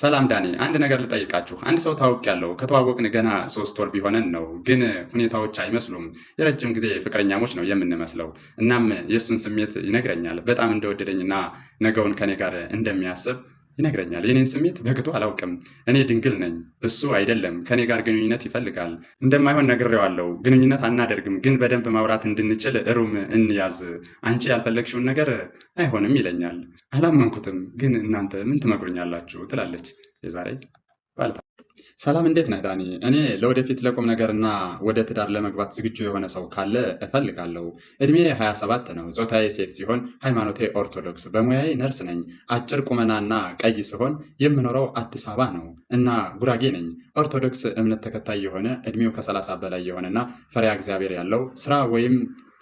ሰላም ዳኔ፣ አንድ ነገር ልጠይቃችሁ። አንድ ሰው ታውቅ ያለው ከተዋወቅን ገና ሶስት ወር ቢሆነን ነው፣ ግን ሁኔታዎች አይመስሉም። የረጅም ጊዜ ፍቅረኛሞች ነው የምንመስለው። እናም የእሱን ስሜት ይነግረኛል። በጣም እንደወደደኝና ነገውን ከኔ ጋር እንደሚያስብ ይነግረኛል። የኔን ስሜት በግቶ አላውቅም። እኔ ድንግል ነኝ፣ እሱ አይደለም። ከእኔ ጋር ግንኙነት ይፈልጋል። እንደማይሆን ነግሬዋለሁ። ግንኙነት አናደርግም፣ ግን በደንብ ማውራት እንድንችል እሩም እንያዝ። አንቺ ያልፈለግሽውን ነገር አይሆንም ይለኛል። አላመንኩትም፣ ግን እናንተ ምን ትመክሩኛላችሁ ትላለች የዛሬ ባልታ ሰላም እንዴት ነህ ዳኒ? እኔ ለወደፊት ለቁም ነገርና ወደ ትዳር ለመግባት ዝግጁ የሆነ ሰው ካለ እፈልጋለሁ። እድሜ 27 ነው። ጾታዬ ሴት ሲሆን ሃይማኖቴ ኦርቶዶክስ፣ በሙያዬ ነርስ ነኝ። አጭር ቁመናና ቀይ ሲሆን የምኖረው አዲስ አበባ ነው እና ጉራጌ ነኝ። ኦርቶዶክስ እምነት ተከታይ የሆነ እድሜው ከ30 በላይ የሆነና ፈሪያ እግዚአብሔር ያለው ስራ ወይም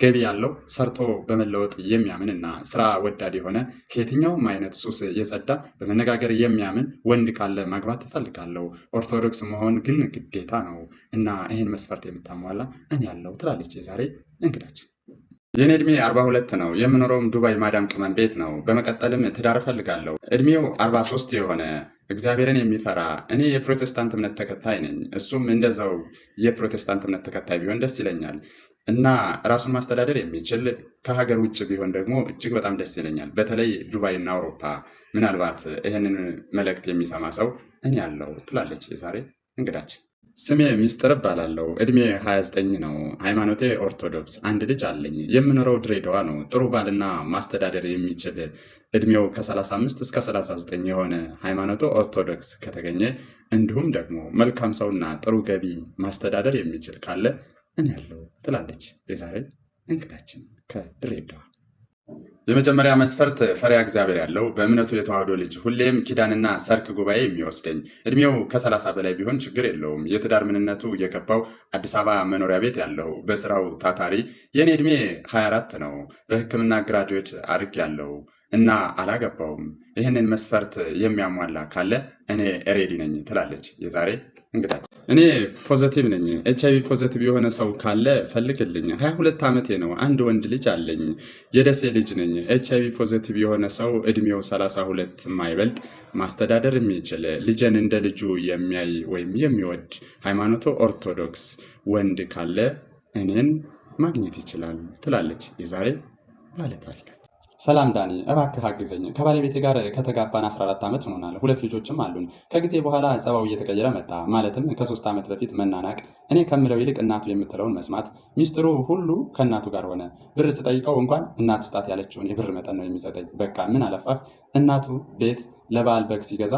ገቢ ያለው ሰርቶ በመለወጥ የሚያምንና ስራ ወዳድ የሆነ ከየትኛውም አይነት ሱስ የጸዳ በመነጋገር የሚያምን ወንድ ካለ ማግባት እፈልጋለሁ። ኦርቶዶክስ መሆን ግን ግዴታ ነው እና ይህን መስፈርት የምታሟላ እኔ ያለው ትላለች የዛሬ እንግዳችን። የኔ ዕድሜ 42 ነው። የምኖረውም ዱባይ ማዳም ቅመም ቤት ነው። በመቀጠልም ትዳር እፈልጋለሁ። እድሜው 43 የሆነ እግዚአብሔርን የሚፈራ እኔ የፕሮቴስታንት እምነት ተከታይ ነኝ። እሱም እንደዛው የፕሮቴስታንት እምነት ተከታይ ቢሆን ደስ ይለኛል። እና ራሱን ማስተዳደር የሚችል ከሀገር ውጭ ቢሆን ደግሞ እጅግ በጣም ደስ ይለኛል። በተለይ ዱባይ እና አውሮፓ ምናልባት ይህንን መልእክት የሚሰማ ሰው እኔ ያለው ትላለች የዛሬ እንግዳችን። ስሜ ሚስጥር እባላለሁ። እድሜ 29 ነው። ሃይማኖቴ ኦርቶዶክስ። አንድ ልጅ አለኝ። የምኖረው ድሬዳዋ ነው። ጥሩ ባልና ማስተዳደር የሚችል እድሜው ከ35 እስከ 39 የሆነ ሃይማኖቱ ኦርቶዶክስ ከተገኘ እንዲሁም ደግሞ መልካም ሰውና ጥሩ ገቢ ማስተዳደር የሚችል ካለ እኔ ያለው ትላለች የዛሬ እንግዳችን ከድሬዳዋ። የመጀመሪያ መስፈርት ፈሪያ እግዚአብሔር ያለው በእምነቱ የተዋህዶ ልጅ ሁሌም ኪዳንና ሰርክ ጉባኤ የሚወስደኝ እድሜው ከሰላሳ በላይ ቢሆን ችግር የለውም። የትዳር ምንነቱ የገባው አዲስ አበባ መኖሪያ ቤት ያለው በስራው ታታሪ። የእኔ እድሜ 24 ነው። በሕክምና ግራጁዌት አድርግ ያለው እና አላገባውም። ይህንን መስፈርት የሚያሟላ ካለ እኔ ሬዲ ነኝ ትላለች የዛሬ እንግዳችን። እኔ ፖዘቲቭ ነኝ። ኤች አይቪ ፖዘቲቭ የሆነ ሰው ካለ ፈልግልኝ። ሁለት ዓመቴ ነው። አንድ ወንድ ልጅ አለኝ። የደሴ ልጅ ነኝ። ነኝ። ኤች አይቪ ፖዘቲቭ የሆነ ሰው እድሜው 32 የማይበልጥ ማስተዳደር የሚችል ልጄን እንደ ልጁ የሚያይ ወይም የሚወድ ሃይማኖቱ ኦርቶዶክስ ወንድ ካለ እኔን ማግኘት ይችላል ትላለች የዛሬ ባለታሪክ። ሰላም ዳኒ፣ እባክህ አግዘኝ። ከባለቤቴ ጋር ከተጋባን 14 ዓመት ሆኖናል። ሁለት ልጆችም አሉን። ከጊዜ በኋላ ጸባው እየተቀየረ መጣ። ማለትም ከሶስት ዓመት በፊት መናናቅ፣ እኔ ከምለው ይልቅ እናቱ የምትለውን መስማት፣ ሚስጥሩ ሁሉ ከእናቱ ጋር ሆነ። ብር ስጠይቀው እንኳን እናቱ ስጣት ያለችውን የብር መጠን ነው የሚሰጠኝ። በቃ ምን አለፋህ እናቱ ቤት ለበዓል በግ ሲገዛ